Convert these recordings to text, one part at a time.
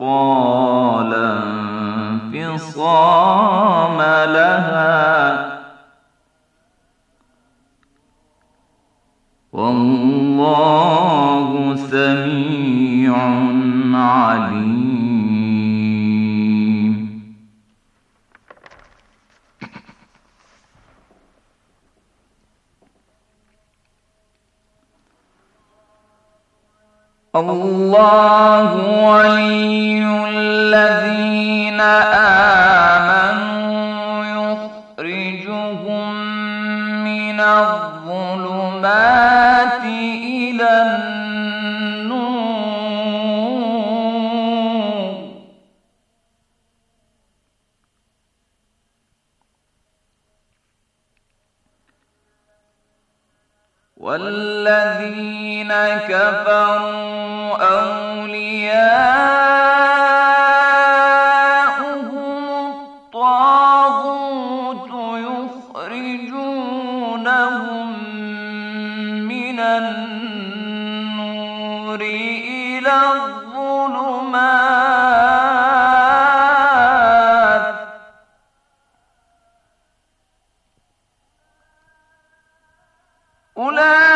قال انفصام لها والله سميع عليم الله ولي الذين آمنوا يخرجهم من الظلمات إلى النور والذين الذين كفروا أولياؤهم الطاغوت يخرجونهم من النور إلى الظلمات أولئك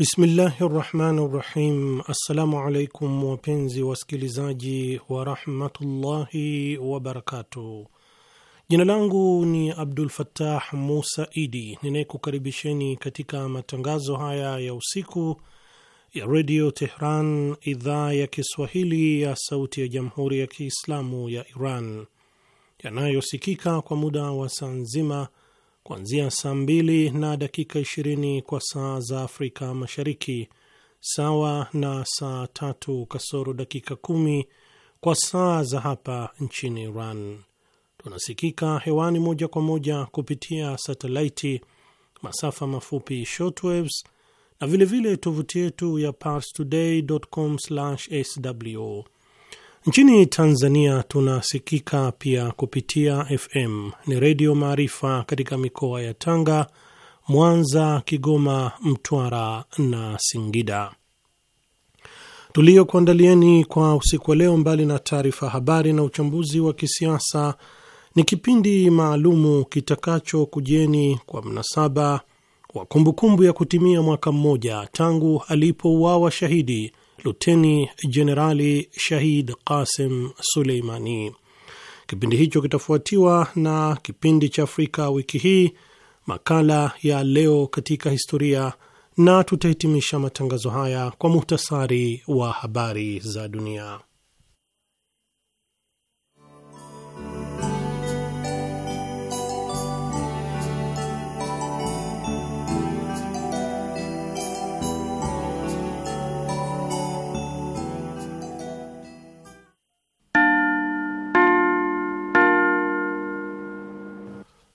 Bismillahi rahmani rahim. Assalamu alaikum wapenzi wasikilizaji warahmatullahi wabarakatuh. Jina langu ni Abdul Fattah Musa Idi ninayekukaribisheni katika matangazo haya ya usiku ya redio Tehran, idhaa ya Kiswahili ya sauti ya jamhuri ya Kiislamu ya Iran yanayosikika kwa muda wa saa nzima kuanzia saa mbili na dakika ishirini kwa saa za Afrika Mashariki, sawa na saa tatu kasoro dakika kumi kwa saa za hapa nchini Iran. Tunasikika hewani moja kwa moja kupitia satelaiti, masafa mafupi shortwaves na vilevile tovuti yetu ya parstoday.com/sw Nchini Tanzania tunasikika pia kupitia FM ni Redio Maarifa katika mikoa ya Tanga, Mwanza, Kigoma, Mtwara na Singida. Tuliyokuandalieni kwa usiku wa leo, mbali na taarifa habari na uchambuzi wa kisiasa, ni kipindi maalumu kitakacho kujieni kwa mnasaba wa kumbukumbu ya kutimia mwaka mmoja tangu alipouawa shahidi Luteni Jenerali Shahid Qasim Suleimani. Kipindi hicho kitafuatiwa na kipindi cha Afrika wiki hii, makala ya leo katika historia, na tutahitimisha matangazo haya kwa muhtasari wa habari za dunia.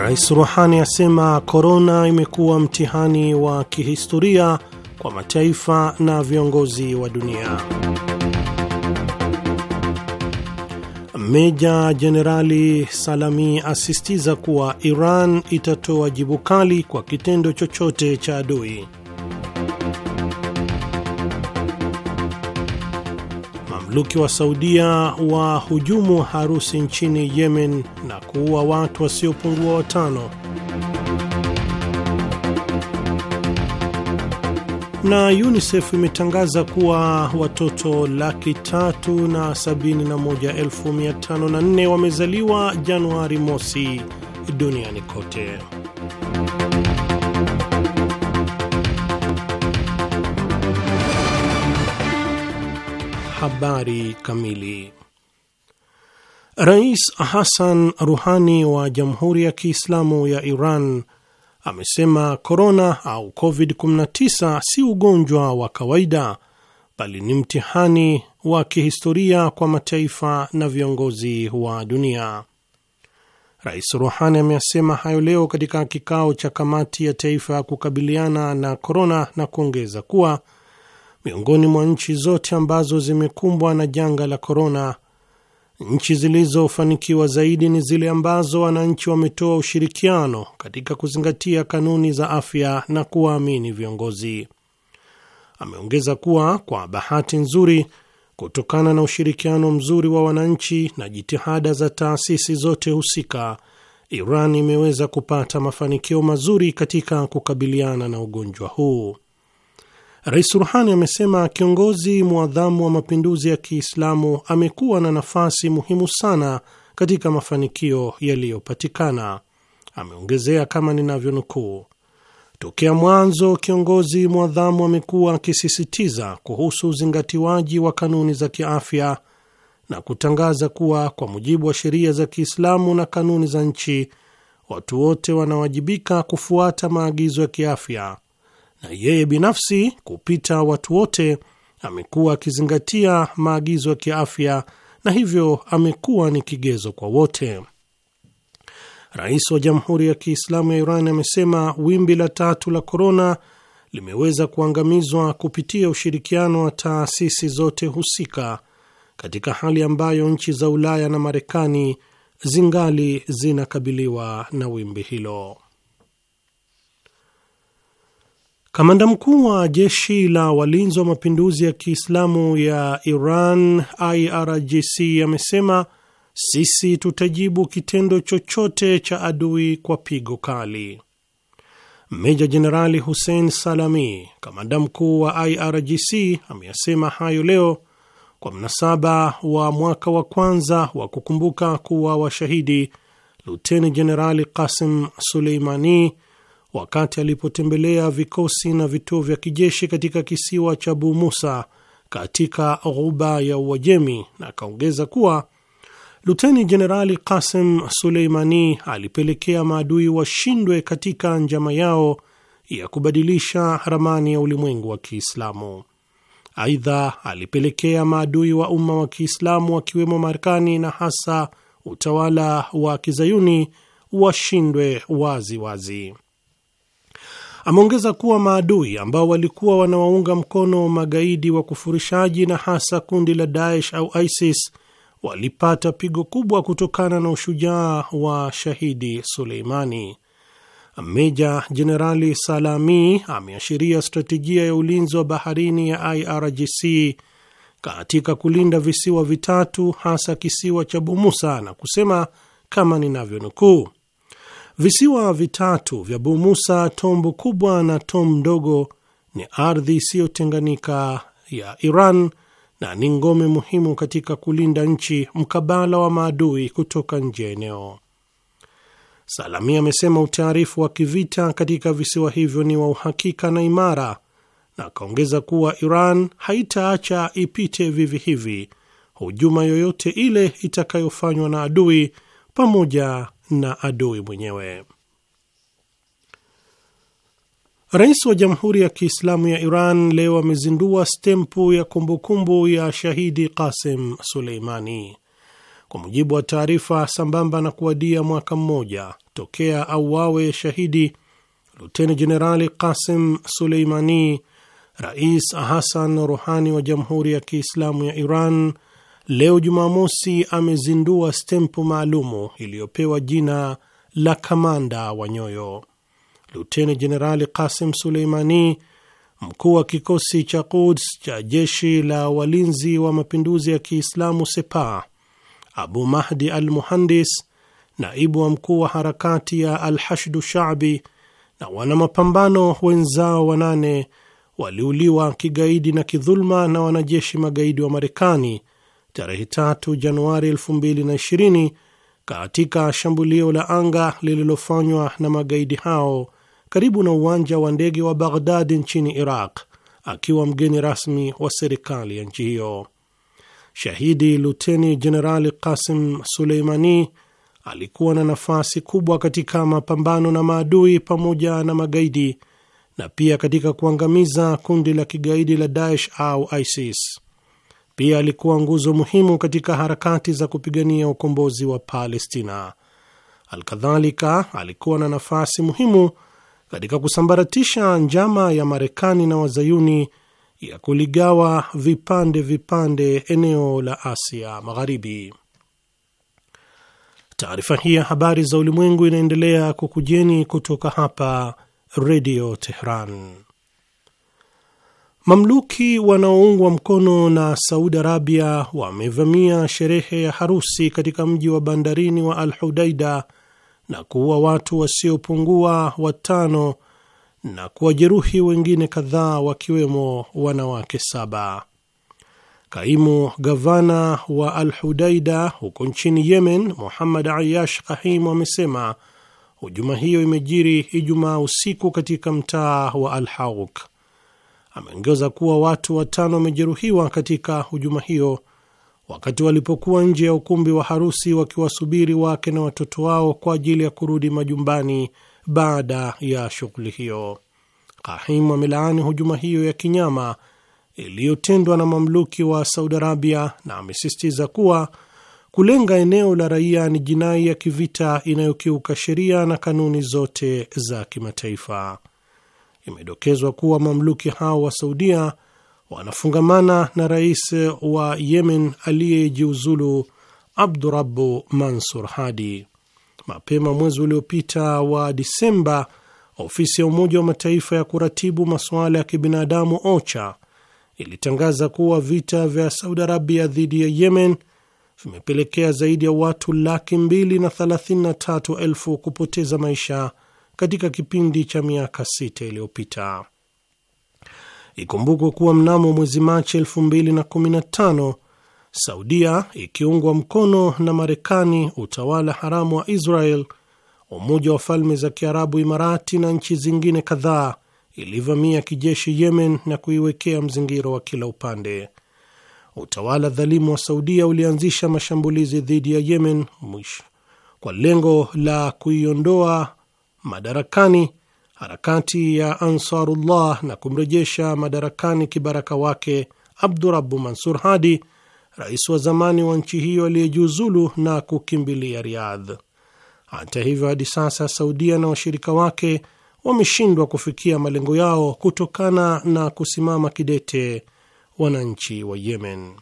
Rais Ruhani asema korona imekuwa mtihani wa kihistoria kwa mataifa na viongozi wa dunia. Meja Jenerali Salami asisitiza kuwa Iran itatoa jibu kali kwa kitendo chochote cha adui. mamluki wa Saudia wa hujumu harusi nchini Yemen na kuua watu wasiopungua watano. Na UNICEF imetangaza kuwa watoto laki tatu na sabini na moja elfu mia tano na nne wamezaliwa Januari mosi duniani kote. Habari kamili. Rais Hassan Ruhani wa Jamhuri ya Kiislamu ya Iran amesema korona au COVID-19 si ugonjwa wa kawaida bali ni mtihani wa kihistoria kwa mataifa na viongozi wa dunia. Rais Ruhani ameyasema hayo leo katika kikao cha kamati ya taifa ya kukabiliana na korona na kuongeza kuwa Miongoni mwa nchi zote ambazo zimekumbwa na janga la korona, nchi zilizofanikiwa zaidi ni zile ambazo wananchi wametoa ushirikiano katika kuzingatia kanuni za afya na kuwaamini viongozi. Ameongeza kuwa kwa bahati nzuri, kutokana na ushirikiano mzuri wa wananchi na jitihada za taasisi zote husika, Iran imeweza kupata mafanikio mazuri katika kukabiliana na ugonjwa huu. Rais Ruhani amesema kiongozi mwadhamu wa mapinduzi ya Kiislamu amekuwa na nafasi muhimu sana katika mafanikio yaliyopatikana. Ameongezea kama ninavyonukuu, tokea mwanzo kiongozi mwadhamu amekuwa akisisitiza kuhusu uzingatiwaji wa kanuni za kiafya na kutangaza kuwa kwa mujibu wa sheria za Kiislamu na kanuni za nchi, watu wote wanawajibika kufuata maagizo ya kiafya na yeye binafsi kupita watu wote amekuwa akizingatia maagizo ya kiafya na hivyo amekuwa ni kigezo kwa wote. Rais wa Jamhuri ya Kiislamu ya Iran amesema wimbi la tatu la korona limeweza kuangamizwa kupitia ushirikiano wa taasisi zote husika katika hali ambayo nchi za Ulaya na Marekani zingali zinakabiliwa na wimbi hilo. Kamanda mkuu wa jeshi la walinzi wa mapinduzi ya Kiislamu ya Iran, IRGC, amesema sisi tutajibu kitendo chochote cha adui kwa pigo kali. Meja Jenerali Hussein Salami, kamanda mkuu wa IRGC, ameyasema hayo leo kwa mnasaba wa mwaka wa kwanza wa kukumbuka kuwa washahidi Luteni Jenerali Qasim Suleimani wakati alipotembelea vikosi na vituo vya kijeshi katika kisiwa cha Bu Musa katika ghuba ya Uajemi, na akaongeza kuwa Luteni Jenerali kasem Suleimani alipelekea maadui washindwe katika njama yao ya kubadilisha ramani ya ulimwengu wa Kiislamu. Aidha, alipelekea maadui wa umma wa Kiislamu wakiwemo Marekani na hasa utawala wa kizayuni washindwe wazi wazi. Ameongeza kuwa maadui ambao walikuwa wanawaunga mkono magaidi wa kufurishaji na hasa kundi la Daesh au ISIS walipata pigo kubwa kutokana na ushujaa wa shahidi Suleimani. Meja Jenerali Salami ameashiria stratejia ya ulinzi wa baharini ya IRGC katika kulinda visiwa vitatu hasa kisiwa cha Bumusa na kusema kama ninavyonukuu Visiwa vitatu vya Bu Musa, Tombu kubwa na Tom mdogo ni ardhi isiyotenganika ya Iran na ni ngome muhimu katika kulinda nchi mkabala wa maadui kutoka nje ya eneo. Salami amesema utaarifu wa kivita katika visiwa hivyo ni wa uhakika na imara, na akaongeza kuwa Iran haitaacha ipite vivi hivi hujuma yoyote ile itakayofanywa na adui pamoja na adui mwenyewe. Rais wa Jamhuri ya Kiislamu ya Iran leo amezindua stempu ya kumbukumbu ya shahidi Qasim Suleimani. Kwa mujibu wa taarifa, sambamba na kuwadia mwaka mmoja tokea auawe shahidi Luteni Jenerali Qasim Suleimani, Rais hasan Rohani wa Jamhuri ya Kiislamu ya Iran leo Jumamosi amezindua stempu maalumu iliyopewa jina la kamanda wa nyoyo. Luteni Jenerali Kasim Suleimani, mkuu wa kikosi cha Quds cha jeshi la walinzi wa mapinduzi ya Kiislamu sepa Abu Mahdi al Muhandis, naibu wa mkuu wa harakati ya Al Hashdu Shabi na wanamapambano wenzao wanane waliuliwa kigaidi na kidhuluma na wanajeshi magaidi wa Marekani tarehe 3 Januari 2020 katika shambulio la anga lililofanywa na magaidi hao karibu na uwanja wa ndege wa Baghdadi nchini Iraq, akiwa mgeni rasmi wa serikali ya nchi hiyo. Shahidi Luteni Jenerali Qasim Suleimani alikuwa na nafasi kubwa katika mapambano na maadui pamoja na magaidi na pia katika kuangamiza kundi la kigaidi la Daesh au ISIS. Pia alikuwa nguzo muhimu katika harakati za kupigania ukombozi wa Palestina. Alkadhalika, alikuwa na nafasi muhimu katika kusambaratisha njama ya Marekani na Wazayuni ya kuligawa vipande vipande eneo la Asia Magharibi. Taarifa hii ya habari za ulimwengu inaendelea kukujeni kutoka hapa Redio teheran Mamluki wanaoungwa mkono na Saudi Arabia wamevamia sherehe ya harusi katika mji wa bandarini wa Al Hudaida na kuua watu wasiopungua watano na kuwajeruhi wengine kadhaa wakiwemo wanawake saba. Kaimu gavana wa Al Hudaida huko nchini Yemen, Muhammad Ayash Kahim, amesema hujuma hiyo imejiri Ijumaa usiku katika mtaa wa Al Hauk ameongeza kuwa watu watano wamejeruhiwa katika hujuma hiyo wakati walipokuwa nje ya ukumbi wa harusi wakiwasubiri wake na watoto wao kwa ajili ya kurudi majumbani baada ya shughuli hiyo. Kahim amelaani hujuma hiyo ya kinyama iliyotendwa na mamluki wa Saudi Arabia na amesisitiza kuwa kulenga eneo la raia ni jinai ya kivita inayokiuka sheria na kanuni zote za kimataifa. Imedokezwa kuwa mamluki hao wa Saudia wanafungamana na rais wa Yemen aliyejiuzulu Abdurabu Mansur Hadi. Mapema mwezi uliopita wa Disemba, ofisi ya Umoja wa Mataifa ya kuratibu masuala ya kibinadamu OCHA ilitangaza kuwa vita vya Saudi Arabia dhidi ya Yemen vimepelekea zaidi ya watu laki mbili na thelathini na tatu elfu kupoteza maisha katika kipindi cha miaka sita iliyopita. Ikumbukwe kuwa mnamo mwezi Machi 2015 Saudia ikiungwa mkono na Marekani, utawala haramu wa Israel, Umoja wa Falme za Kiarabu Imarati na nchi zingine kadhaa ilivamia kijeshi Yemen na kuiwekea mzingiro wa kila upande. Utawala dhalimu wa Saudia ulianzisha mashambulizi dhidi ya Yemen mwisho kwa lengo la kuiondoa madarakani harakati ya Ansarullah na kumrejesha madarakani kibaraka wake Abdurabu Mansur Hadi, rais wa zamani wa nchi hiyo aliyejiuzulu na kukimbilia Riyadh. Hata hivyo, hadi sasa Saudia na washirika wake wameshindwa kufikia malengo yao kutokana na kusimama kidete wananchi wa Yemen.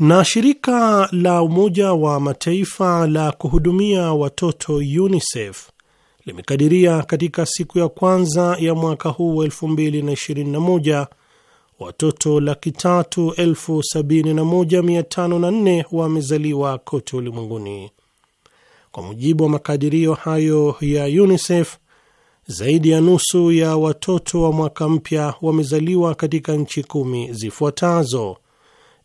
Na shirika la Umoja wa Mataifa la kuhudumia watoto UNICEF limekadiria katika siku ya kwanza ya mwaka huu wa 2021 watoto laki tatu elfu sabini na moja mia tano na nne wamezaliwa kote ulimwenguni. Kwa mujibu wa makadirio hayo ya UNICEF, zaidi ya nusu ya watoto wa mwaka mpya wamezaliwa katika nchi kumi zifuatazo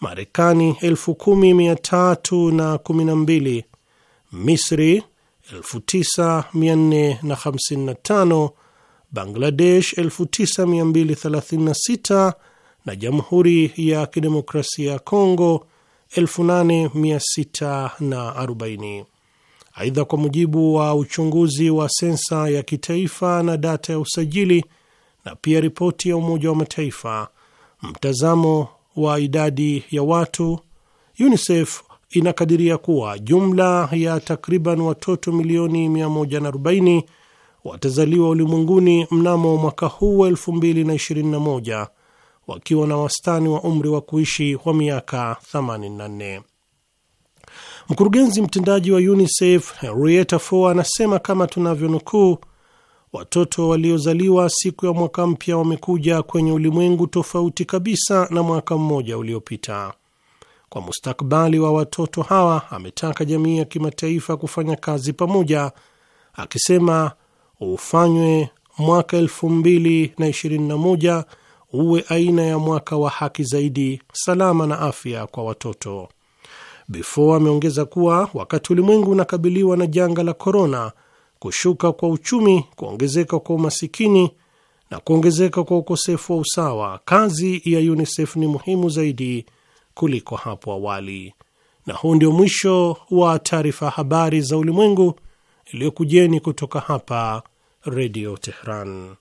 Marekani 10312, Misri 9455 Bangladesh 9236 na Jamhuri ya Kidemokrasia ya Kongo elfu Aidha, kwa mujibu wa uchunguzi wa sensa ya kitaifa na data ya usajili na pia ripoti ya Umoja wa Mataifa, mtazamo wa idadi ya watu, UNICEF inakadiria kuwa jumla ya takriban watoto milioni 140 watazaliwa ulimwenguni mnamo mwaka huu 2021 wakiwa na wastani wa umri wa kuishi wa miaka 84. Mkurugenzi mtendaji wa UNICEF Henrietta Fore anasema kama tunavyonukuu watoto waliozaliwa siku ya mwaka mpya wamekuja kwenye ulimwengu tofauti kabisa na mwaka mmoja uliopita. Kwa mustakbali wa watoto hawa, ametaka jamii ya kimataifa kufanya kazi pamoja, akisema ufanywe mwaka moja uwe aina ya mwaka wa haki zaidi, salama na afya kwa watoto. Bifo ameongeza kuwa wakati ulimwengu unakabiliwa na janga la korona kushuka kwa uchumi, kuongezeka kwa umasikini na kuongezeka kwa ukosefu wa usawa, kazi ya UNICEF ni muhimu zaidi kuliko hapo awali. Na huu ndio mwisho wa taarifa habari za ulimwengu iliyokujeni kutoka hapa Redio Tehran.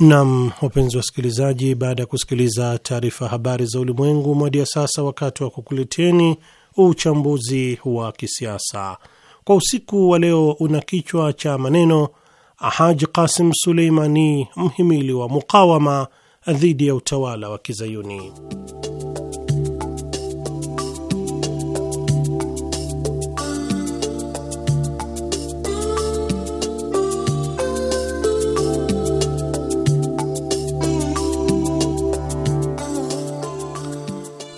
Nam, wapenzi wasikilizaji, baada ya kusikiliza taarifa habari za ulimwengu mwadia, sasa wakati wa kukuleteni uchambuzi wa kisiasa kwa usiku wa leo. Una kichwa cha maneno Haji Qasim Suleimani, mhimili wa mukawama dhidi ya utawala wa Kizayuni.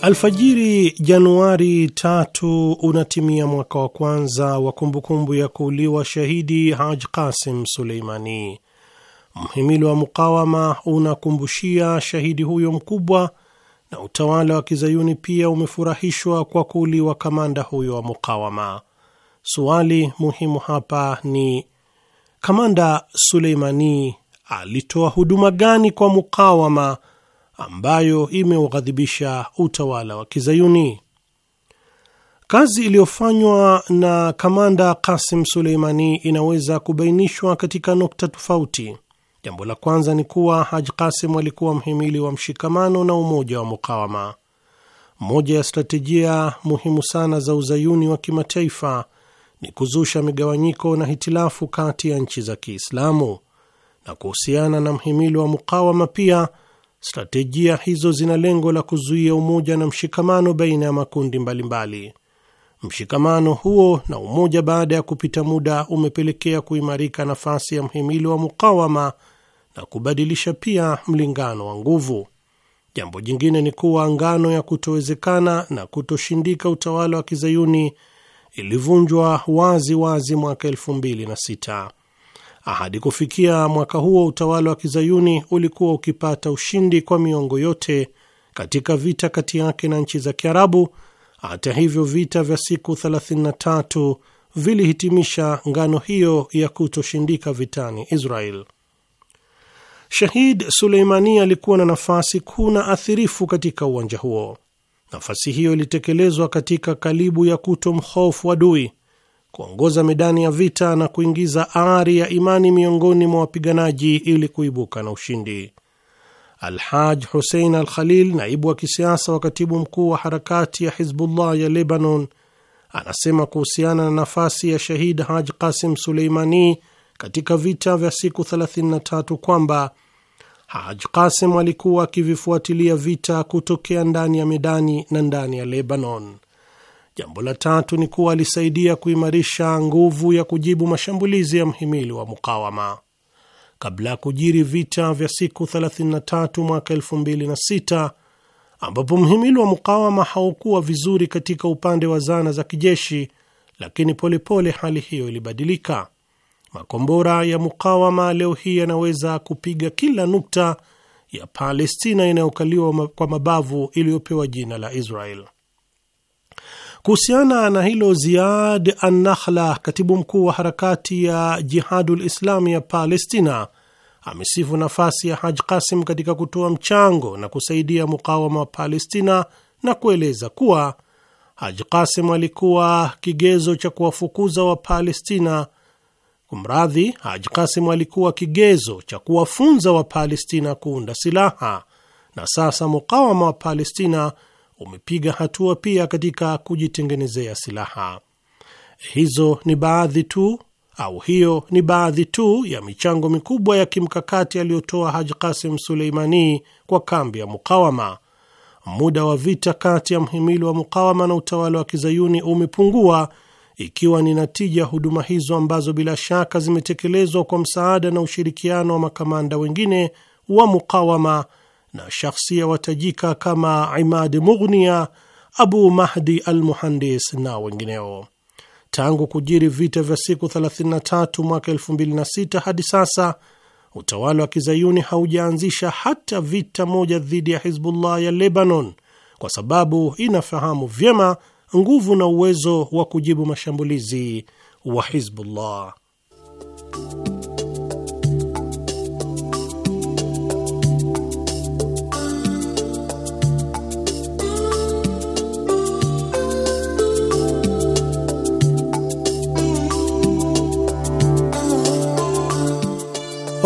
Alfajiri Januari tatu unatimia mwaka wa kwanza wa kumbukumbu ya kuuliwa shahidi Haj Qasim Suleimani. Mhimili wa mukawama unakumbushia shahidi huyo mkubwa, na utawala wa kizayuni pia umefurahishwa kwa kuuliwa kamanda huyo wa mukawama. Suali muhimu hapa ni kamanda Suleimani alitoa huduma gani kwa mukawama ambayo imeughadhibisha utawala wa Kizayuni. Kazi iliyofanywa na kamanda Kasim Suleimani inaweza kubainishwa katika nukta tofauti. Jambo la kwanza ni kuwa haj Kasim alikuwa mhimili wa mshikamano na umoja wa mukawama. Moja ya stratejia muhimu sana za uzayuni wa kimataifa ni kuzusha migawanyiko na hitilafu kati ya nchi za Kiislamu, na kuhusiana na mhimili wa mukawama pia Strategia hizo zina lengo la kuzuia umoja na mshikamano baina ya makundi mbalimbali mbali. Mshikamano huo na umoja baada ya kupita muda umepelekea kuimarika nafasi ya mhimili wa mukawama na kubadilisha pia mlingano wa nguvu. Jambo jingine ni kuwa ngano ya kutowezekana na kutoshindika utawala wa kizayuni ilivunjwa wazi wazi mwaka elfu mbili na sita. Ahadi kufikia mwaka huo utawala wa kizayuni ulikuwa ukipata ushindi kwa miongo yote katika vita kati yake na nchi za Kiarabu. Hata hivyo, vita vya siku 33 vilihitimisha ngano hiyo ya kutoshindika vitani Israel. Shahid Suleimani alikuwa na nafasi kuu na athirifu katika uwanja huo. Nafasi hiyo ilitekelezwa katika kalibu ya kutomhofu adui kuongoza medani ya vita na kuingiza ari ya imani miongoni mwa wapiganaji ili kuibuka na ushindi. Alhaj Husein Al Khalil, naibu wa kisiasa wa katibu mkuu wa harakati ya Hizbullah ya Lebanon, anasema kuhusiana na nafasi ya shahid Haj Qasim Suleimani katika vita vya siku 33 kwamba Haj Qasim alikuwa akivifuatilia vita kutokea ndani ya medani na ndani ya Lebanon. Jambo la tatu ni kuwa alisaidia kuimarisha nguvu ya kujibu mashambulizi ya mhimili wa mukawama. Kabla ya kujiri vita vya siku 33 mwaka 2006 ambapo mhimili wa mukawama haukuwa vizuri katika upande wa zana za kijeshi, lakini polepole pole hali hiyo ilibadilika. Makombora ya mukawama leo hii yanaweza kupiga kila nukta ya Palestina inayokaliwa kwa mabavu iliyopewa jina la Israel. Kuhusiana na hilo, Ziad Annahla, katibu mkuu wa harakati ya Jihadul Islami ya Palestina, amesifu nafasi ya Haj Qasim katika kutoa mchango na kusaidia mukawama wa Palestina na kueleza kuwa Haj Qasim alikuwa kigezo cha kuwafukuza Wapalestina. Kumradhi, Haj Qasim alikuwa kigezo cha kuwafunza Wapalestina kuunda silaha, na sasa mukawama wa Palestina umepiga hatua pia katika kujitengenezea silaha. Hizo ni baadhi tu au hiyo ni baadhi tu ya michango mikubwa ya kimkakati aliyotoa haj Qasim Suleimani kwa kambi ya mukawama. Muda wa vita kati ya mhimili wa mukawama na utawala wa kizayuni umepungua, ikiwa ni natija huduma hizo ambazo bila shaka zimetekelezwa kwa msaada na ushirikiano wa makamanda wengine wa mukawama na shakhsia watajika kama Imad Mughnia, Abu Mahdi al-Muhandis na wengineo. Tangu kujiri vita vya siku 33 mwaka 2006 hadi sasa utawala wa kizayuni haujaanzisha hata vita moja dhidi ya Hizbullah ya Lebanon kwa sababu inafahamu vyema nguvu na uwezo wa kujibu mashambulizi wa Hizbullah.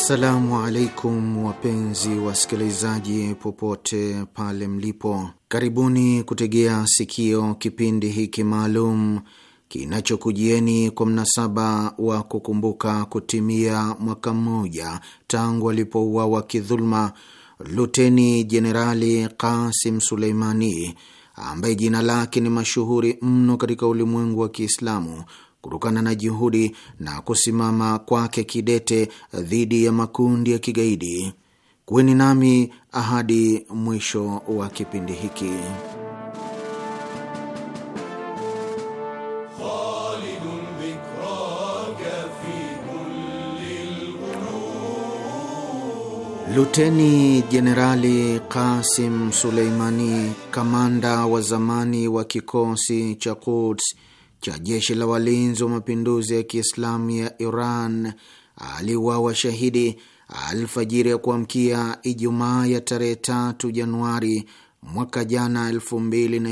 Assalamu alaikum wapenzi wasikilizaji, popote pale mlipo, karibuni kutegea sikio kipindi hiki maalum kinachokujieni kwa mnasaba wa kukumbuka kutimia mwaka mmoja tangu alipouawa kidhuluma Luteni Jenerali Kasim Suleimani ambaye jina lake ni mashuhuri mno katika ulimwengu wa Kiislamu kutokana na juhudi na kusimama kwake kidete dhidi ya makundi ya kigaidi. Kuweni nami ahadi mwisho wa kipindi hiki. Luteni Jenerali Kasim Suleimani, kamanda wa zamani wa kikosi cha Quds cha jeshi la walinzi wa mapinduzi ya Kiislamu ya Iran aliuawa shahidi alfajiri ya kuamkia Ijumaa ya tarehe 3 Januari mwaka jana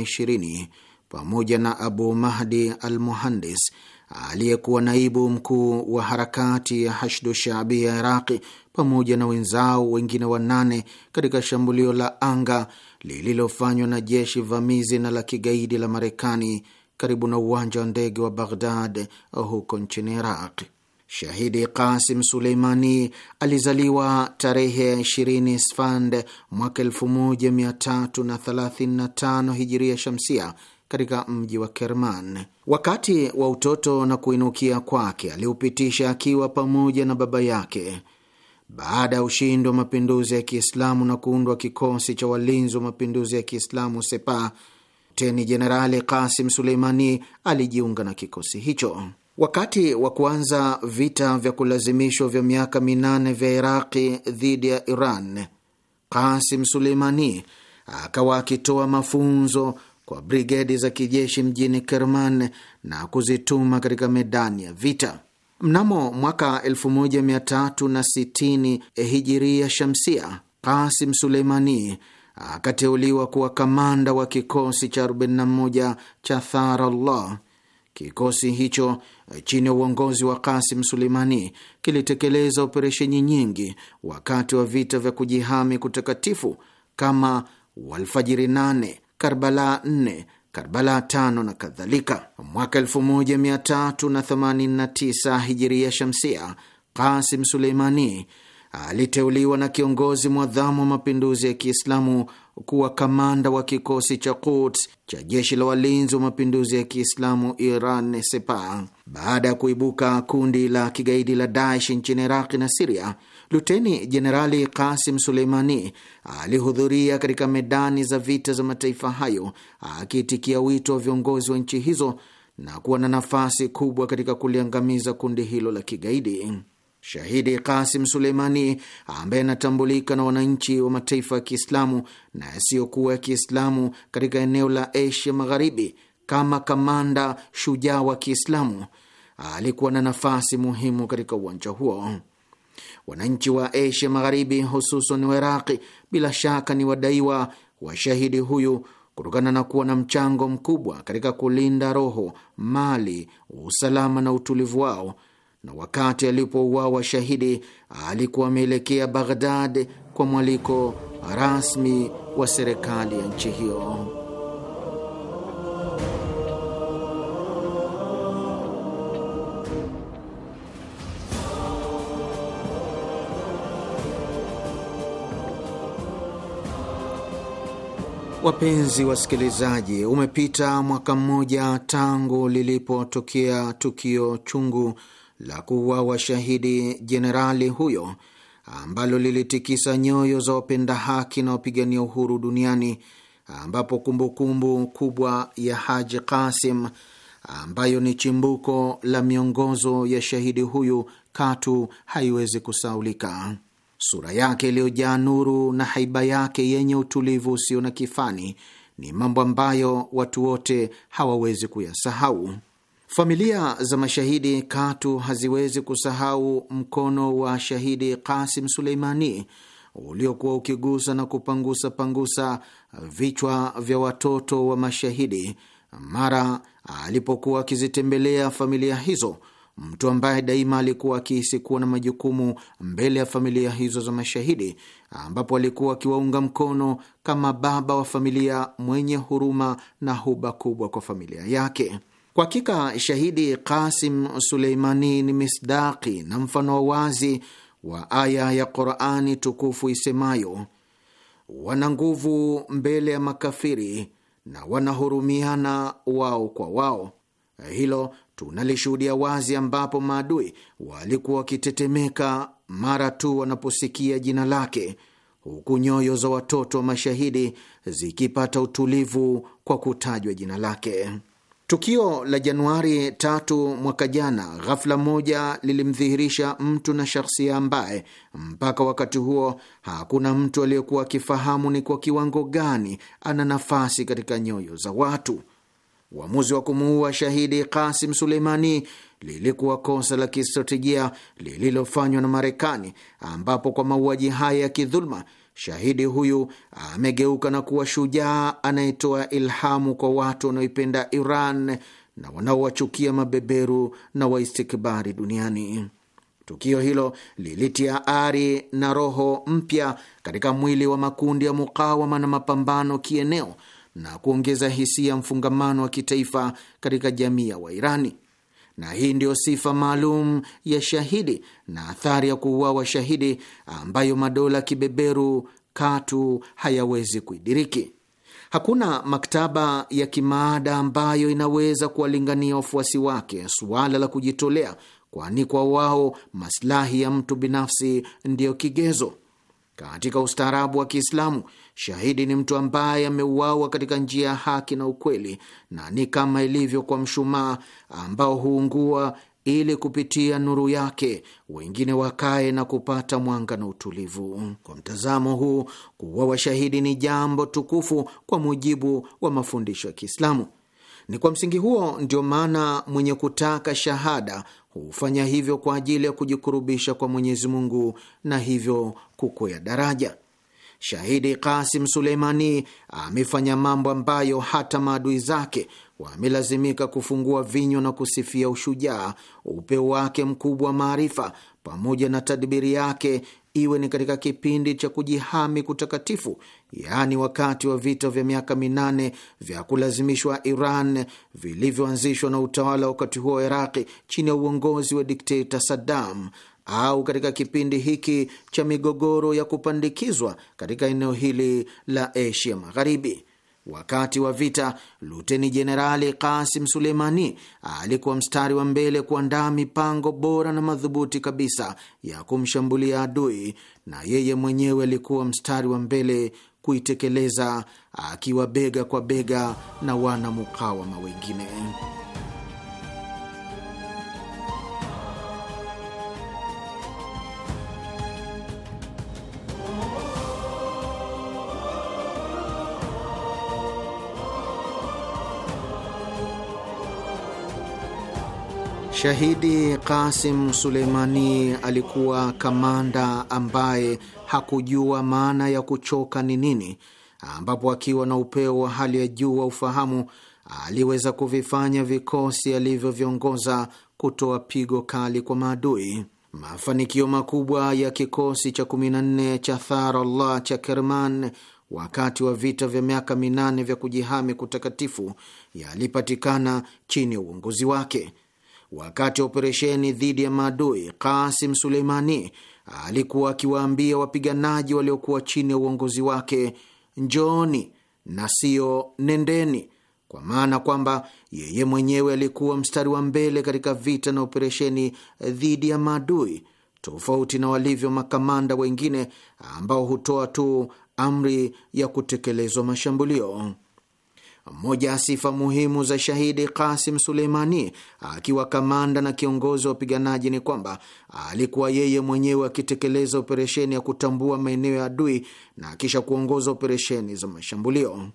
ishirini pamoja na Abu Mahdi al Muhandis aliyekuwa naibu mkuu wa harakati ya Hashdu Shaabi ya Iraqi pamoja na wenzao wengine wanane katika shambulio la anga lililofanywa na jeshi vamizi na la kigaidi la Marekani karibu na uwanja wa ndege wa Baghdad huko nchini Iraq. Shahidi Qasim Suleimani alizaliwa tarehe ya 20 Sfand mwaka 1335 hijiria shamsia katika mji wa Kerman. Wakati wa utoto na kuinukia kwake aliupitisha akiwa pamoja na baba yake. Baada ya ushindi wa mapinduzi ya Kiislamu na kuundwa kikosi cha walinzi wa mapinduzi ya Kiislamu Sepah, Luteni Jenerali Kasim Suleimani alijiunga na kikosi hicho. Wakati wa kuanza vita vya kulazimishwa vya miaka minane vya Iraqi dhidi ya Iran, Kasim Suleimani akawa akitoa mafunzo kwa brigedi za kijeshi mjini Kerman na kuzituma katika medani ya vita. Mnamo mwaka 1360 hijiria shamsia, Kasim Suleimani akateuliwa kuwa kamanda wa kikosi cha 41 cha Tharallah. Kikosi hicho eh, chini ya uongozi wa Kasim Suleimani kilitekeleza operesheni nyingi wakati wa vita vya kujihami kutakatifu kama Walfajiri 8, Karbala 4, Karbala 5 na kadhalika. Mwaka 1389 hijiria shamsia, Kasim Suleimani aliteuliwa na kiongozi mwadhamu wa mapinduzi ya Kiislamu kuwa kamanda wa kikosi cha Quds cha jeshi la walinzi wa mapinduzi ya Kiislamu Iran Sepa. Baada ya kuibuka kundi la kigaidi la Daesh nchini Iraqi na Siria, Luteni Jenerali Kasim Suleimani alihudhuria katika medani za vita za mataifa hayo akiitikia wito wa viongozi wa nchi hizo na kuwa na nafasi kubwa katika kuliangamiza kundi hilo la kigaidi. Shahidi Kasim Suleimani, ambaye anatambulika na wananchi wa mataifa ya Kiislamu na yasiyokuwa ya Kiislamu katika eneo la Asia Magharibi kama kamanda shujaa wa Kiislamu, alikuwa na nafasi muhimu katika uwanja huo. Wananchi wa Asia Magharibi, hususan wa Iraqi, bila shaka ni wadaiwa wa shahidi huyu kutokana na kuwa na mchango mkubwa katika kulinda roho, mali, usalama na utulivu wao na wakati alipouawa shahidi alikuwa ameelekea Baghdad kwa mwaliko rasmi wa serikali ya nchi hiyo. Wapenzi wasikilizaji, umepita mwaka mmoja tangu lilipotokea tukio chungu la kuuawa shahidi jenerali huyo ambalo lilitikisa nyoyo za wapenda haki na wapigania uhuru duniani, ambapo kumbukumbu kumbu kubwa ya Haji Kasim ambayo ni chimbuko la miongozo ya shahidi huyu katu haiwezi kusaulika. Sura yake iliyojaa nuru na haiba yake yenye utulivu usio na kifani ni mambo ambayo watu wote hawawezi kuyasahau. Familia za mashahidi katu haziwezi kusahau mkono wa shahidi Kasim Suleimani uliokuwa ukigusa na kupangusa pangusa vichwa vya watoto wa mashahidi mara alipokuwa akizitembelea familia hizo, mtu ambaye daima alikuwa akihisi kuwa na majukumu mbele ya familia hizo za mashahidi, ambapo alikuwa akiwaunga mkono kama baba wa familia mwenye huruma na huba kubwa kwa familia yake. Kwa hakika shahidi Kasim Suleimani ni misdaki na mfano wa wazi wa aya ya Qurani tukufu isemayo, wana nguvu mbele ya makafiri na wanahurumiana wao kwa wao. Hilo tunalishuhudia wazi, ambapo maadui walikuwa wakitetemeka mara tu wanaposikia jina lake, huku nyoyo za watoto wa mashahidi zikipata utulivu kwa kutajwa jina lake. Tukio la Januari tatu mwaka jana ghafula moja lilimdhihirisha mtu na shakhsia ambaye mpaka wakati huo hakuna mtu aliyekuwa akifahamu ni kwa kiwango gani ana nafasi katika nyoyo za watu. Uamuzi wa kumuua shahidi Kasim Suleimani lilikuwa kosa la kistratejia lililofanywa na Marekani, ambapo kwa mauaji haya ya kidhuluma Shahidi huyu amegeuka na kuwa shujaa anayetoa ilhamu kwa watu wanaoipenda Iran na wanaowachukia mabeberu na waistikbari duniani. Tukio hilo lilitia ari na roho mpya katika mwili wa makundi ya mukawama na mapambano kieneo na kuongeza hisia mfungamano wa kitaifa katika jamii ya Wairani na hii ndiyo sifa maalum ya shahidi na athari ya kuuawa shahidi ambayo madola kibeberu katu hayawezi kuidiriki. Hakuna maktaba ya kimaada ambayo inaweza kuwalingania wafuasi wake suala la kujitolea, kwani kwa wao maslahi ya mtu binafsi ndiyo kigezo. Katika ustaarabu wa Kiislamu, shahidi ni mtu ambaye ameuawa katika njia ya haki na ukweli, na ni kama ilivyo kwa mshumaa ambao huungua ili kupitia nuru yake wengine wakae na kupata mwanga na utulivu. Kwa mtazamo huu, kuuawa shahidi ni jambo tukufu kwa mujibu wa mafundisho ya Kiislamu. Ni kwa msingi huo ndio maana mwenye kutaka shahada hufanya hivyo kwa ajili ya kujikurubisha kwa Mwenyezi Mungu na hivyo kukwea daraja. Shahidi Kasim Suleimani amefanya mambo ambayo hata maadui zake wamelazimika kufungua vinywa na kusifia ushujaa, upeo wake mkubwa wa maarifa, pamoja na tadbiri yake iwe ni katika kipindi cha kujihami kutakatifu, yaani wakati wa vita vya miaka minane vya kulazimishwa Iran vilivyoanzishwa na utawala wakati huo wa Iraqi chini ya uongozi wa dikteta Saddam, au katika kipindi hiki cha migogoro ya kupandikizwa katika eneo hili la Asia Magharibi. Wakati wa vita, luteni jenerali Kasim Suleimani alikuwa mstari wa mbele kuandaa mipango bora na madhubuti kabisa ya kumshambulia adui, na yeye mwenyewe alikuwa mstari wa mbele kuitekeleza, akiwa bega kwa bega na wanamukawama wengine. Shahidi Kasim Suleimani alikuwa kamanda ambaye hakujua maana ya kuchoka ni nini, ambapo akiwa na upeo wa hali ya juu wa ufahamu aliweza kuvifanya vikosi alivyoviongoza kutoa pigo kali kwa maadui. Mafanikio makubwa ya kikosi cha 14 cha Tharallah cha Kerman wakati wa vita vya miaka minane vya kujihami kutakatifu yalipatikana chini ya uongozi wake wakati wa operesheni dhidi ya maadui, Kasim Suleimani alikuwa akiwaambia wapiganaji waliokuwa chini ya uongozi wake, njooni na sio nendeni, kwa maana kwamba yeye mwenyewe alikuwa mstari wa mbele katika vita na operesheni dhidi ya maadui, tofauti na walivyo makamanda wengine ambao hutoa tu amri ya kutekelezwa mashambulio. Moja ya sifa muhimu za shahidi Kasim Suleimani akiwa kamanda na kiongozi wa wapiganaji ni kwamba alikuwa yeye mwenyewe akitekeleza operesheni ya kutambua maeneo ya adui na kisha kuongoza operesheni za mashambulio.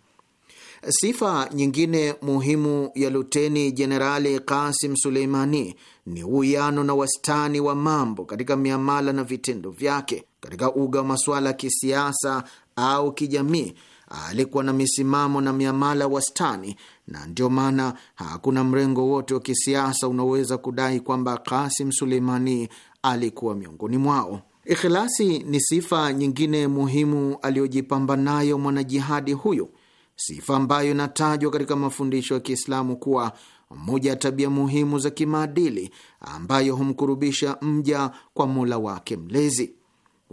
Sifa nyingine muhimu ya Luteni Jenerali Kasim Suleimani ni uwiano na wastani wa mambo katika miamala na vitendo vyake katika uga wa masuala ya kisiasa au kijamii alikuwa na misimamo na miamala wastani, na ndio maana hakuna mrengo wote wa kisiasa unaoweza kudai kwamba Kasim Suleimani alikuwa miongoni mwao. Ikhilasi ni sifa nyingine muhimu aliyojipamba nayo mwanajihadi huyo, sifa ambayo inatajwa katika mafundisho ya Kiislamu kuwa moja ya tabia muhimu za kimaadili ambayo humkurubisha mja kwa Mola wake Mlezi.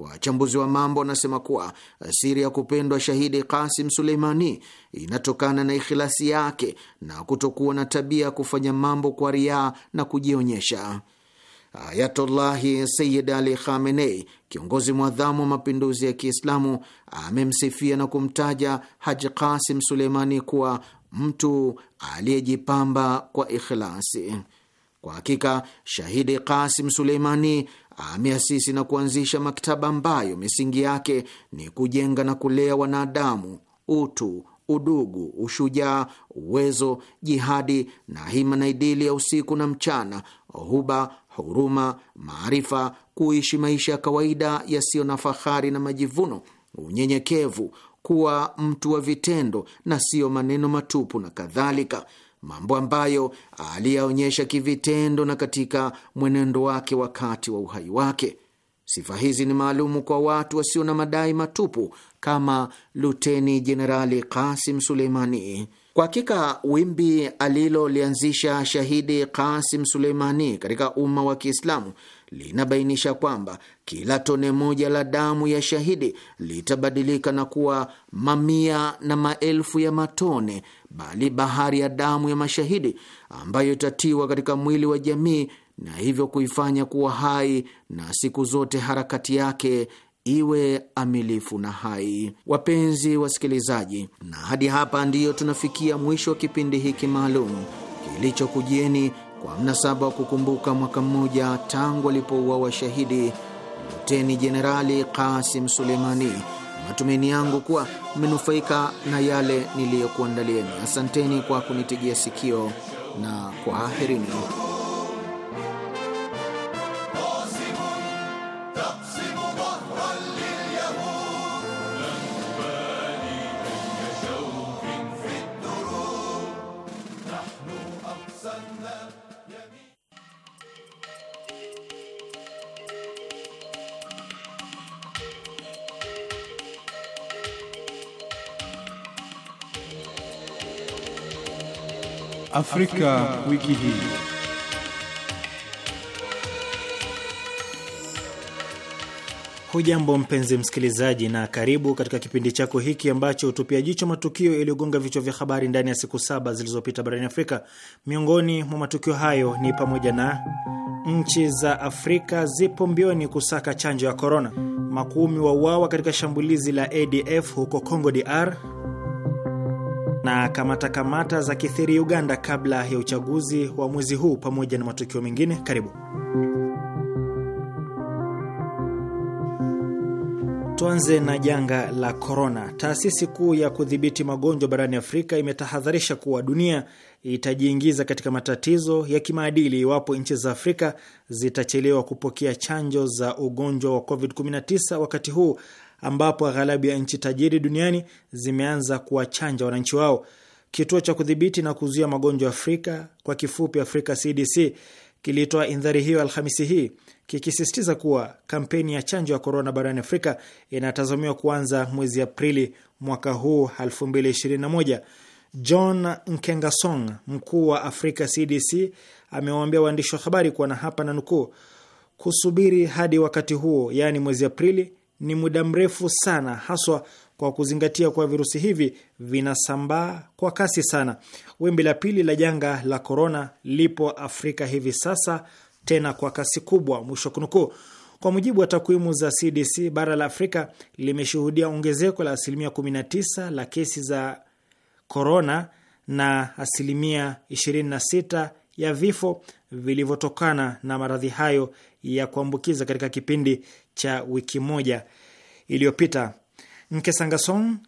Wachambuzi wa mambo wanasema kuwa eh, siri ya kupendwa shahidi Kasim Suleimani inatokana na ikhilasi yake na kutokuwa na tabia ya kufanya mambo kwa riaa na kujionyesha. Ayatullahi Sayid Ali Khamenei, kiongozi mwadhamu wa mapinduzi ya Kiislamu, amemsifia na kumtaja Haji Kasim Suleimani kuwa mtu aliyejipamba kwa ikhlasi. Kwa hakika shahidi Kasim Suleimani ameasisi na kuanzisha maktaba ambayo misingi yake ni kujenga na kulea wanadamu, utu, udugu, ushujaa, uwezo, jihadi na hima na idili ya usiku na mchana, huba, huruma, maarifa, kuishi maisha ya kawaida yasiyo na fahari na majivuno, unyenyekevu, kuwa mtu wa vitendo na siyo maneno matupu na kadhalika mambo ambayo aliyaonyesha kivitendo na katika mwenendo wake wakati wa uhai wake. Sifa hizi ni maalumu kwa watu wasio na madai matupu kama Luteni Jenerali Kasim Suleimani. Kwa hakika wimbi alilolianzisha shahidi Kasim Suleimani katika umma wa Kiislamu linabainisha kwamba kila tone moja la damu ya shahidi litabadilika na kuwa mamia na maelfu ya matone, bali bahari ya damu ya mashahidi ambayo itatiwa katika mwili wa jamii na hivyo kuifanya kuwa hai na siku zote harakati yake iwe amilifu na hai. Wapenzi wasikilizaji, na hadi hapa ndiyo tunafikia mwisho wa kipindi hiki maalum kilichokujieni kwa mnasaba wa kukumbuka mwaka mmoja tangu alipouawa shahidi Luteni Jenerali Kasim Suleimani. Matumaini yangu kuwa mmenufaika na yale niliyokuandalieni. Asanteni kwa kunitegea sikio na kwaherini. Afrika, wiki hii. Hujambo mpenzi msikilizaji, na karibu katika kipindi chako hiki ambacho hutupia jicho matukio yaliyogonga vichwa vya habari ndani ya siku saba zilizopita barani Afrika. Miongoni mwa matukio hayo ni pamoja na nchi za Afrika zipo mbioni kusaka chanjo ya korona, makumi uawa katika shambulizi la ADF huko Congo DR na kamata kamata za kithiri Uganda kabla ya uchaguzi wa mwezi huu pamoja na matukio mengine. Karibu tuanze na janga la korona. Taasisi kuu ya kudhibiti magonjwa barani Afrika imetahadharisha kuwa dunia itajiingiza katika matatizo ya kimaadili iwapo nchi za Afrika zitachelewa kupokea chanjo za ugonjwa wa COVID-19 wakati huu ambapo aghalabu ya nchi tajiri duniani zimeanza kuwachanja wananchi wao. Kituo cha kudhibiti na kuzuia magonjwa Afrika, kwa kifupi Afrika CDC, kilitoa indhari hiyo Alhamisi hii kikisisitiza kuwa kampeni ya chanjo ya korona barani Afrika inatazamiwa kuanza mwezi Aprili mwaka huu 2021. John Nkengasong, mkuu wa Afrika CDC, amewaambia waandishi wa habari kuwa na hapa na nukuu, kusubiri hadi wakati huo, yaani mwezi Aprili, ni muda mrefu sana, haswa kwa kuzingatia kuwa virusi hivi vinasambaa kwa kasi sana. Wimbi la pili la janga la korona lipo Afrika hivi sasa, tena kwa kasi kubwa. Mwisho kunukuu. Kwa mujibu wa takwimu za CDC, bara la Afrika limeshuhudia ongezeko la asilimia 19 la kesi za korona na asilimia 26 ya vifo vilivyotokana na maradhi hayo ya kuambukiza katika kipindi cha wiki moja iliyopita. Nkesangason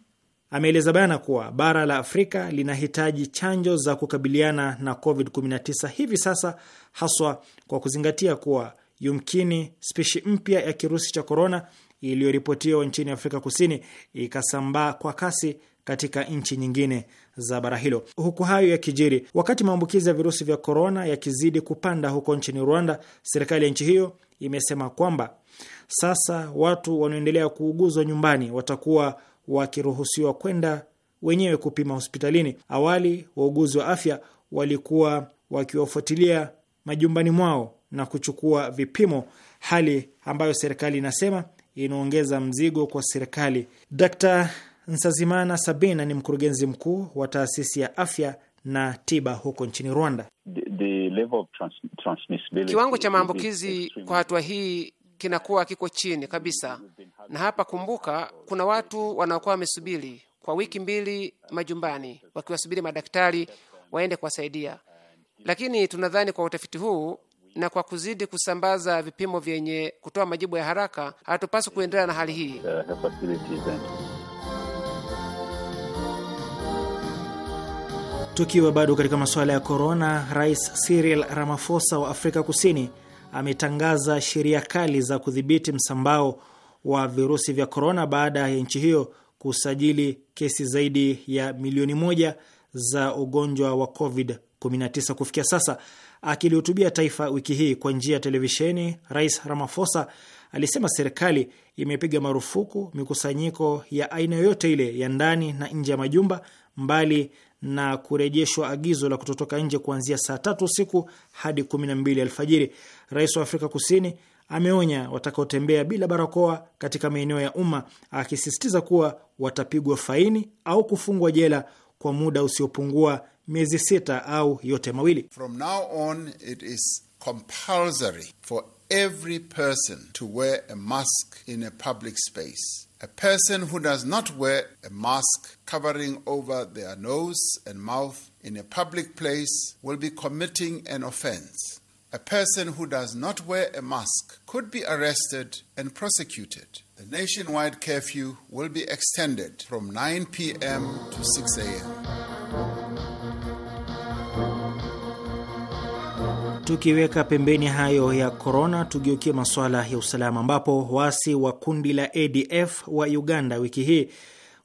ameeleza bayana kuwa bara la Afrika linahitaji chanjo za kukabiliana na COVID-19 hivi sasa, haswa kwa kuzingatia kuwa yumkini spishi mpya ya kirusi cha korona iliyoripotiwa nchini Afrika Kusini ikasambaa kwa kasi katika nchi nyingine za bara hilo. Huku hayo yakijiri, wakati maambukizi ya virusi vya korona yakizidi kupanda huko nchini Rwanda, serikali ya nchi hiyo imesema kwamba sasa watu wanaoendelea kuuguzwa nyumbani watakuwa wakiruhusiwa kwenda wenyewe kupima hospitalini. Awali wauguzi wa afya walikuwa wakiwafuatilia majumbani mwao na kuchukua vipimo, hali ambayo serikali inasema inaongeza mzigo kwa serikali. d Nsazimana Sabina ni mkurugenzi mkuu wa taasisi ya afya na tiba huko nchini Rwanda. The, the level of trans, kiwango cha maambukizi kwa hatua hii kinakuwa kiko chini kabisa. Na hapa kumbuka, kuna watu wanaokuwa wamesubiri kwa wiki mbili majumbani, wakiwasubiri madaktari waende kuwasaidia. Lakini tunadhani kwa utafiti huu na kwa kuzidi kusambaza vipimo vyenye kutoa majibu ya haraka, hatupaswi kuendelea na hali hii. Uh, Tukiwa bado katika masuala ya korona, Rais Cyril Ramaphosa wa Afrika Kusini ametangaza sheria kali za kudhibiti msambao wa virusi vya korona baada ya nchi hiyo kusajili kesi zaidi ya milioni moja za ugonjwa wa COVID-19 kufikia sasa. Akilihutubia taifa wiki hii kwa njia ya televisheni, Rais Ramaphosa alisema serikali imepiga marufuku mikusanyiko ya aina yoyote ile ya ndani na nje ya majumba, mbali na kurejeshwa agizo la kutotoka nje kuanzia saa tatu usiku hadi kumi na mbili alfajiri. Rais wa Afrika Kusini ameonya watakaotembea bila barakoa katika maeneo ya umma, akisisitiza kuwa watapigwa faini au kufungwa jela kwa muda usiopungua miezi sita au yote mawili. From now on it is compulsory for every person to wear a mask in a public space. A person who does not wear a mask covering over their nose and mouth in a public place will be committing an offense. A person who does not wear a mask could be arrested and prosecuted. The nationwide curfew will be extended from 9 p.m. to 6 a.m. Tukiweka pembeni hayo ya korona, tugeukie masuala ya usalama, ambapo waasi wa kundi la ADF wa Uganda wiki hii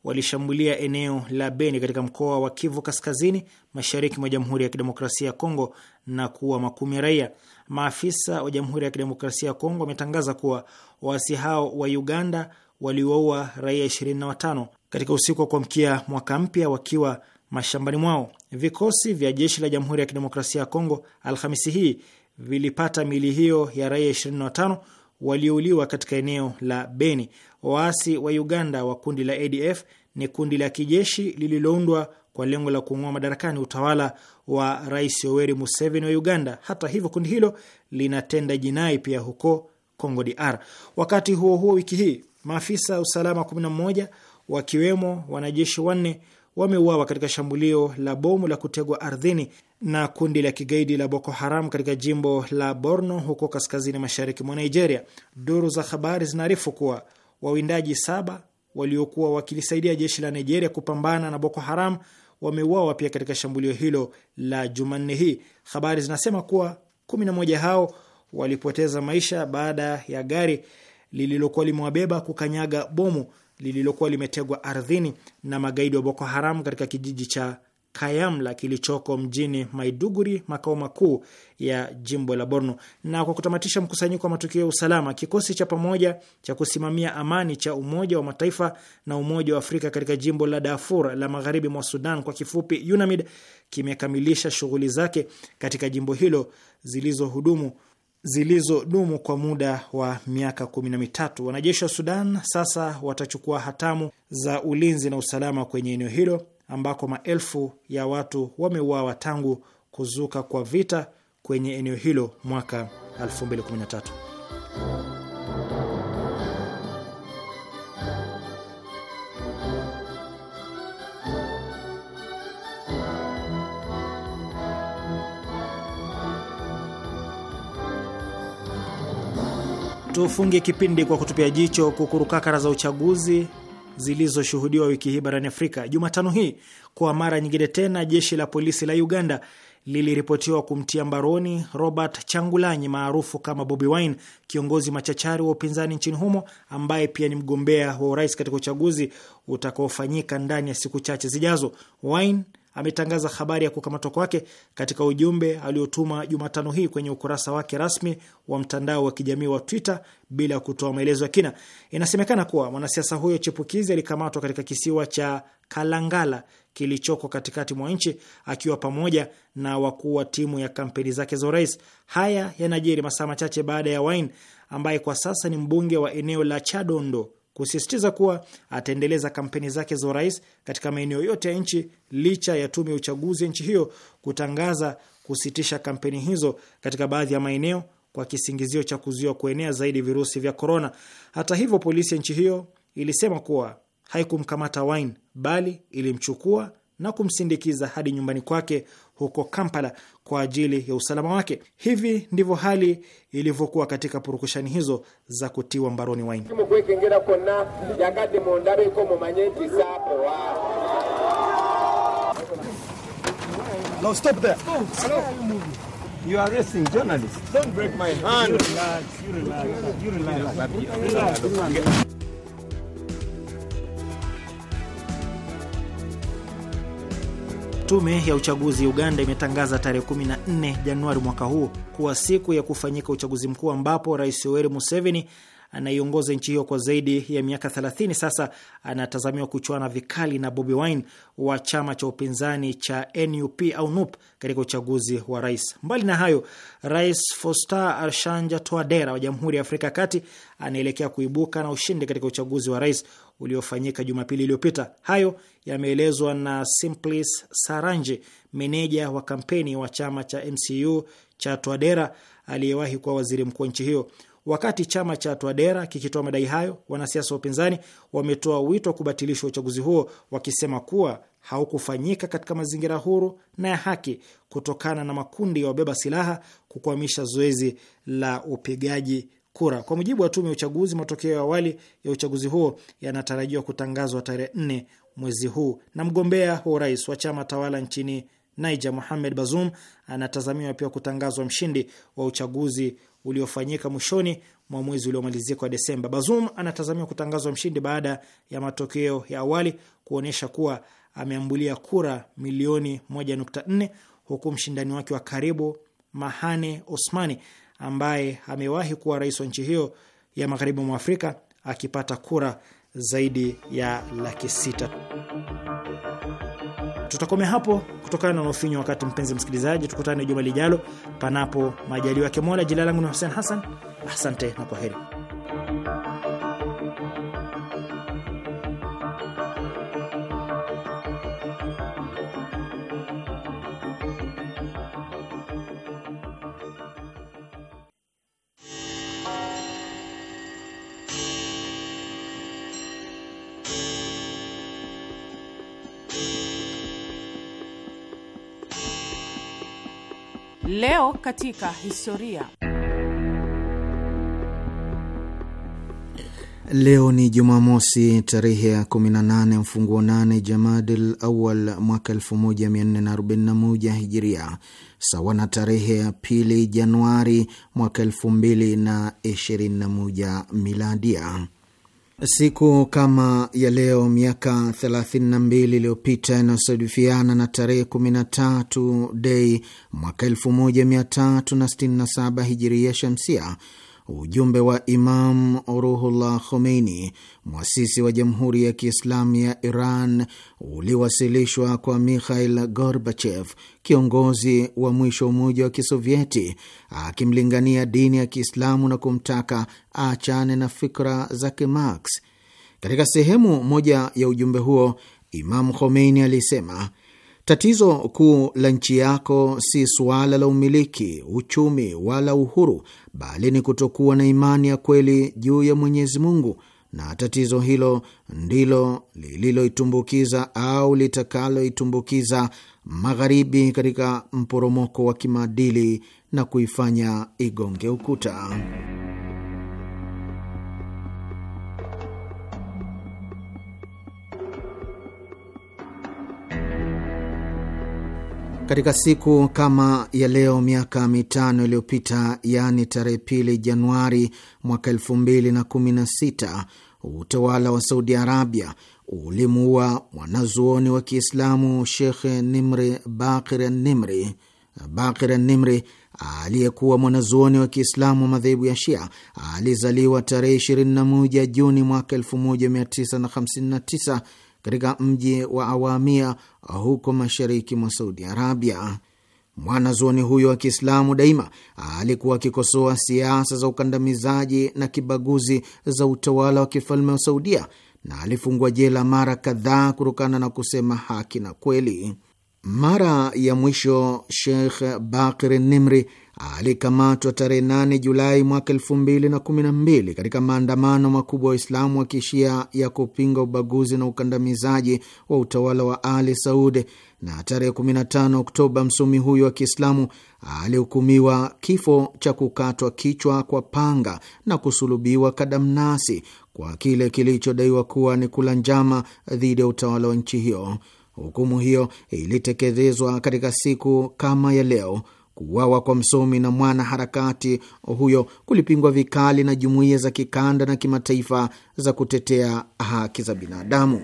walishambulia eneo la Beni katika mkoa wa Kivu Kaskazini, mashariki mwa Jamhuri ya Kidemokrasia ya Kongo na kuua makumi ya raia. Maafisa wa Jamhuri ya Kidemokrasia ya Kongo wametangaza kuwa waasi hao wa Uganda waliwaua raia 25 katika usiku wa kuamkia mwaka mpya wakiwa mashambani mwao. Vikosi vya jeshi la Jamhuri ya Kidemokrasia ya Kongo Alhamisi hii vilipata mili hiyo ya raia 25 waliouliwa katika eneo la Beni. Waasi wa Uganda wa kundi la ADF ni kundi la kijeshi lililoundwa kwa lengo la kung'oa madarakani utawala wa Rais Yoweri Museveni wa Uganda. Hata hivyo, kundi hilo linatenda jinai pia huko Congo DR. Wakati huo huo, wiki hii maafisa usalama 11 wakiwemo wanajeshi wanne wameuawa katika shambulio la bomu la kutegwa ardhini na kundi la kigaidi la Boko Haram katika jimbo la Borno huko kaskazini mashariki mwa Nigeria. Duru za habari zinaarifu kuwa wawindaji saba waliokuwa wakilisaidia jeshi la Nigeria kupambana na Boko Haram wameuawa pia katika shambulio hilo la Jumanne hii. Habari zinasema kuwa kumi na moja hao walipoteza maisha baada ya gari lililokuwa limewabeba kukanyaga bomu lililokuwa limetegwa ardhini na magaidi wa Boko Haram katika kijiji cha Kayamla kilichoko mjini Maiduguri, makao makuu ya jimbo la Borno. Na kwa kutamatisha mkusanyiko wa matukio ya usalama, kikosi cha pamoja cha kusimamia amani cha Umoja wa Mataifa na Umoja wa Afrika katika jimbo la Darfur la magharibi mwa Sudan, kwa kifupi UNAMID, kimekamilisha shughuli zake katika jimbo hilo zilizohudumu zilizodumu kwa muda wa miaka kumi na mitatu. Wanajeshi wa Sudan sasa watachukua hatamu za ulinzi na usalama kwenye eneo hilo ambako maelfu ya watu wameuawa tangu kuzuka kwa vita kwenye eneo hilo mwaka 2013. Tufunge kipindi kwa kutupia jicho kukurukakara za uchaguzi zilizoshuhudiwa wiki hii barani Afrika. Jumatano hii kwa mara nyingine tena, jeshi la polisi la Uganda liliripotiwa kumtia mbaroni Robert Changulanyi maarufu kama Bobi Wine, kiongozi machachari wa upinzani nchini humo ambaye pia ni mgombea wa urais katika uchaguzi utakaofanyika ndani ya siku chache zijazo. Wine ametangaza habari ya kukamatwa kwake katika ujumbe aliotuma Jumatano hii kwenye ukurasa wake rasmi wa mtandao wa kijamii wa Twitter bila kutoa maelezo ya kina. Inasemekana kuwa mwanasiasa huyo chepukizi alikamatwa katika kisiwa cha Kalangala kilichoko katikati mwa nchi akiwa pamoja na wakuu wa timu ya kampeni zake za urais. Haya yanajiri masaa machache baada ya Wine ambaye kwa sasa ni mbunge wa eneo la Chadondo kusisitiza kuwa ataendeleza kampeni zake za urais katika maeneo yote ya nchi licha ya tume ya uchaguzi ya nchi hiyo kutangaza kusitisha kampeni hizo katika baadhi ya maeneo kwa kisingizio cha kuzuia kuenea zaidi virusi vya korona. Hata hivyo, polisi ya nchi hiyo ilisema kuwa haikumkamata Wine bali ilimchukua na kumsindikiza hadi nyumbani kwake huko Kampala kwa ajili ya usalama wake. Hivi ndivyo hali ilivyokuwa katika purukushani hizo za kutiwa mbaroni Waini. No, stop there. Oh, hello. You are arresting journalists. Don't break my hand. You relax. You relax. You relax. You relax. You relax. You relax. Tume ya uchaguzi Uganda imetangaza tarehe 14 Januari mwaka huu kuwa siku ya kufanyika uchaguzi mkuu ambapo Rais Yoweri Museveni anayeongoza nchi hiyo kwa zaidi ya miaka 30 sasa anatazamiwa kuchuana vikali na Bobi Wine wa chama cha upinzani cha NUP au NUP katika uchaguzi wa rais. Mbali na hayo, Rais Faustin Archange Touadera wa Jamhuri ya Afrika ya Kati anaelekea kuibuka na ushindi katika uchaguzi wa rais uliofanyika Jumapili iliyopita. Hayo yameelezwa na Simplis Saranje, meneja wa kampeni wa chama cha MCU cha Twadera aliyewahi kuwa waziri mkuu wa nchi hiyo. Wakati chama cha Twadera kikitoa madai hayo, wanasiasa wa upinzani wametoa wito wa kubatilishwa uchaguzi huo, wakisema kuwa haukufanyika katika mazingira huru na ya haki kutokana na makundi ya wabeba silaha kukwamisha zoezi la upigaji kura. Kwa mujibu wa tume ya uchaguzi, matokeo ya awali ya uchaguzi huo yanatarajiwa kutangazwa tarehe 4 mwezi huu. Na mgombea wa urais wa chama tawala nchini Niger, Mohamed Bazoum, anatazamiwa pia kutangazwa mshindi wa uchaguzi uliofanyika mwishoni mwa mwezi uliomalizika wa Desemba. Bazoum anatazamiwa kutangazwa mshindi baada ya matokeo ya awali kuonyesha kuwa ameambulia kura milioni 1.4 huku mshindani wake wa karibu Mahane Osmani ambaye amewahi kuwa rais wa nchi hiyo ya magharibi mwa Afrika akipata kura zaidi ya laki sita. Tutakomea hapo kutokana na ufinyo wakati, mpenzi msikilizaji, tukutane juma lijalo, panapo majaliwa yake Mola. Jina langu ni Hussein Hassan, asante na kwa heri Leo katika historia. Leo ni Jumamosi, tarehe ya 18 mfunguo 8 Jamadil Awal mwaka 1441 Hijiria, sawa na tarehe ya pili Januari mwaka 2021 Miladia. Siku kama ya leo miaka 32 iliyopita inayosadifiana na tarehe 13 Dei mwaka 1367 hijiria shamsia ujumbe wa Imam Ruhullah Khomeini, mwasisi wa Jamhuri ya Kiislamu ya Iran, uliwasilishwa kwa Mikhail Gorbachev, kiongozi wa mwisho wa Umoja wa Kisovyeti, akimlingania dini ya Kiislamu na kumtaka aachane na fikra za kimax Katika sehemu moja ya ujumbe huo, Imam Khomeini alisema Tatizo kuu la nchi yako si suala la umiliki, uchumi wala uhuru, bali ni kutokuwa na imani ya kweli juu ya Mwenyezi Mungu, na tatizo hilo ndilo lililoitumbukiza au litakaloitumbukiza Magharibi katika mporomoko wa kimaadili na kuifanya igonge ukuta. Katika siku kama ya leo miaka mitano iliyopita, yaani tarehe pili Januari mwaka elfu mbili na kumi na sita utawala wa Saudi Arabia ulimuua mwanazuoni wa Kiislamu Shekh Nimri Bakir Nimri. Bakir Nimri aliyekuwa mwanazuoni wa Kiislamu wa madhehebu ya Shia alizaliwa tarehe 21 Juni mwaka 1959 katika mji wa Awamia huko mashariki mwa Saudi Arabia. Mwanazuoni huyo wa Kiislamu daima alikuwa akikosoa siasa za ukandamizaji na kibaguzi za utawala wa kifalme wa Saudia na alifungwa jela mara kadhaa kutokana na kusema haki na kweli. Mara ya mwisho Sheikh Bakir Nimri alikamatwa tarehe 8 Julai mwaka elfu2 mbili katika maandamano makubwa Waislamu wa kishia ya kupinga ubaguzi na ukandamizaji wa utawala wa Ali Saudi, na tarehe 15 Oktoba msomi huyo wa Kiislamu alihukumiwa kifo cha kukatwa kichwa kwa panga na kusulubiwa kadamnasi kwa kile kilichodaiwa kuwa ni kula njama dhidi ya utawala wa nchi hiyo. Hukumu hiyo ilitekelezwa katika siku kama ya leo. Kuuawa kwa msomi na mwana harakati huyo kulipingwa vikali na jumuiya za kikanda na kimataifa za kutetea haki za binadamu.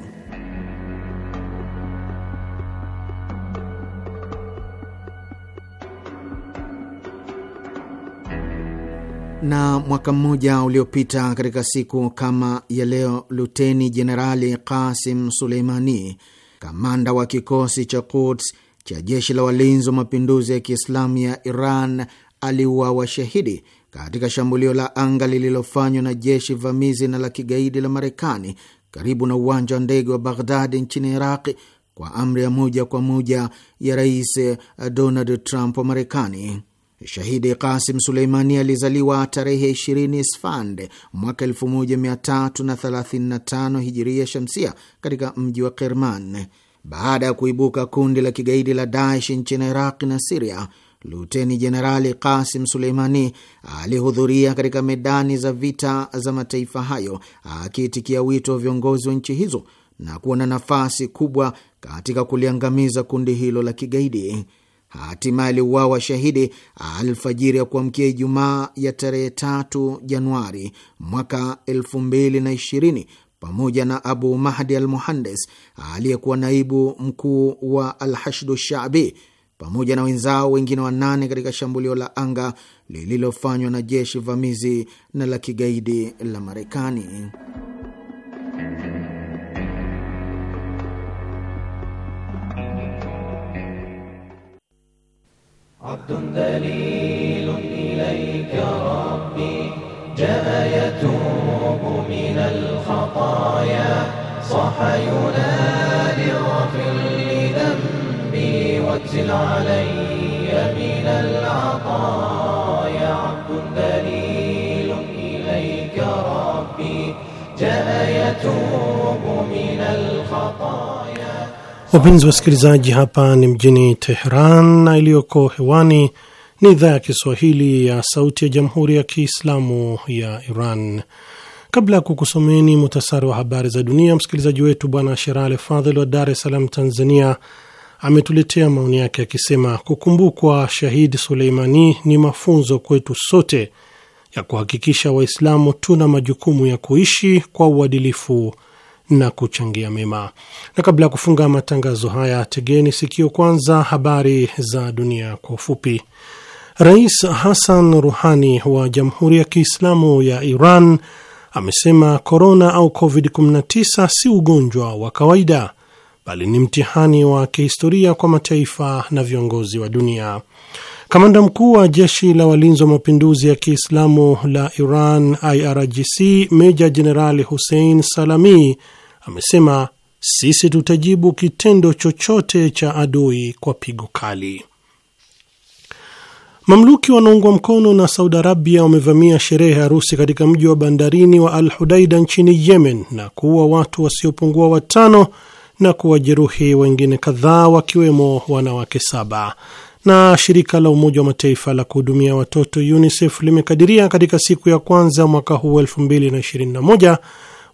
na mwaka mmoja uliopita katika siku kama ya leo, luteni jenerali Kasim Suleimani, kamanda wa kikosi cha Quds cha jeshi la walinzi wa mapinduzi ya Kiislamu ya Iran aliuawa shahidi katika shambulio la anga lililofanywa na jeshi vamizi na la kigaidi la Marekani karibu na uwanja wa ndege wa Baghdadi nchini Iraqi kwa amri ya moja kwa moja ya Rais Donald Trump wa Marekani. Shahidi Kasim Suleimani alizaliwa tarehe 20 Sfand mwaka 1335 hijiria shamsia katika mji wa Kerman. Baada ya kuibuka kundi la kigaidi la Daesh nchini Iraqi na Siria, Luteni Jenerali Kasim Suleimani alihudhuria katika medani za vita za mataifa hayo akiitikia wito wa viongozi wa nchi hizo na kuwa na nafasi kubwa katika kuliangamiza kundi hilo la kigaidi hatimaye aliuawa shahidi alfajiri ya kuamkia Ijumaa ya tarehe tatu Januari mwaka elfu mbili na ishirini pamoja na Abu Mahdi al Muhandes aliyekuwa naibu mkuu wa Alhashdu Shabi pamoja na wenzao wengine wanane katika shambulio la anga lililofanywa na jeshi vamizi na la kigaidi la Marekani. عبد ذليل إليك ربي جاء يتوب من الخطايا صاح ينادي اغفر لذنبي واتل علي من العطايا عبد ذليل إليك ربي جاء يتوب Wapenzi wasikilizaji, hapa ni mjini Teheran na iliyoko hewani ni idhaa ya Kiswahili ya Sauti ya Jamhuri ya Kiislamu ya Iran. Kabla ya kukusomeni muhtasari wa habari za dunia, msikilizaji wetu Bwana Sherale Fadhil wa Dar es Salaam, Tanzania, ametuletea maoni yake akisema, kukumbukwa shahid Suleimani ni mafunzo kwetu sote ya kuhakikisha Waislamu tuna majukumu ya kuishi kwa uadilifu na kuchangia mema. Na kabla ya kufunga matangazo haya, tegeni sikio kwanza habari za dunia kwa ufupi. Rais Hassan Ruhani wa Jamhuri ya Kiislamu ya Iran amesema korona au COVID-19 si ugonjwa wa kawaida bali ni mtihani wa kihistoria kwa mataifa na viongozi wa dunia. Kamanda mkuu wa jeshi la walinzi wa mapinduzi ya Kiislamu la Iran, IRGC, meja jenerali Hussein Salami amesema sisi tutajibu kitendo chochote cha adui kwa pigo kali. Mamluki wanaungwa mkono na Saudi Arabia wamevamia sherehe ya harusi katika mji wa bandarini wa Al Hudaida nchini Yemen na kuua watu wasiopungua watano na kuwajeruhi wengine kadhaa wakiwemo wanawake saba. Na shirika la Umoja wa Mataifa la kuhudumia watoto UNICEF limekadiria katika siku ya kwanza mwaka huu 2021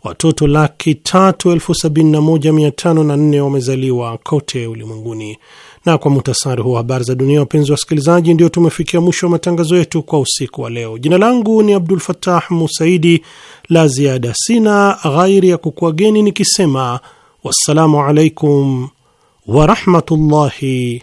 watoto laki tatu elfu sabini na moja mia tano na nne wamezaliwa kote ulimwenguni. Na kwa muhtasari huu habari za dunia, wapenzi wa wasikilizaji, ndio tumefikia mwisho wa matangazo yetu kwa usiku wa leo. Jina langu ni Abdul Fatah Musaidi. La ziada sina ghairi ya kukuageni nikisema wassalamu alaikum warahmatullahi